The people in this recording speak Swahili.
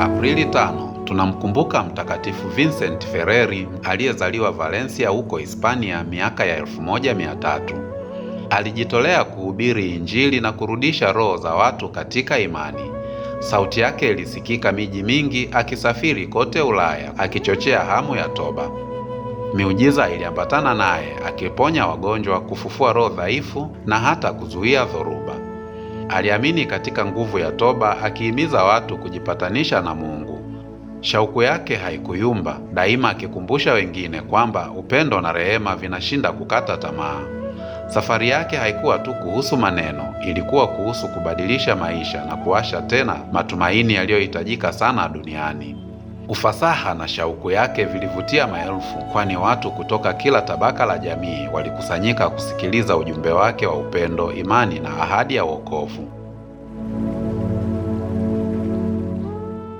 Aprili 5 tunamkumbuka Mtakatifu Vincent Ferreri aliyezaliwa Valencia huko Hispania miaka ya tatu. Alijitolea kuhubiri Injili na kurudisha roho za watu katika imani. Sauti yake ilisikika miji mingi akisafiri kote Ulaya akichochea hamu ya toba. Miujiza iliambatana naye akiponya wagonjwa, kufufua roho dhaifu na hata kuzuia dhoruba. Aliamini katika nguvu ya toba, akihimiza watu kujipatanisha na Mungu. Shauku yake haikuyumba, daima akikumbusha wengine kwamba upendo na rehema vinashinda kukata tamaa. Safari yake haikuwa tu kuhusu maneno, ilikuwa kuhusu kubadilisha maisha na kuwasha tena matumaini yaliyohitajika sana duniani. Ufasaha na shauku yake vilivutia maelfu, kwani watu kutoka kila tabaka la jamii walikusanyika kusikiliza ujumbe wake wa upendo, imani na ahadi ya wokovu.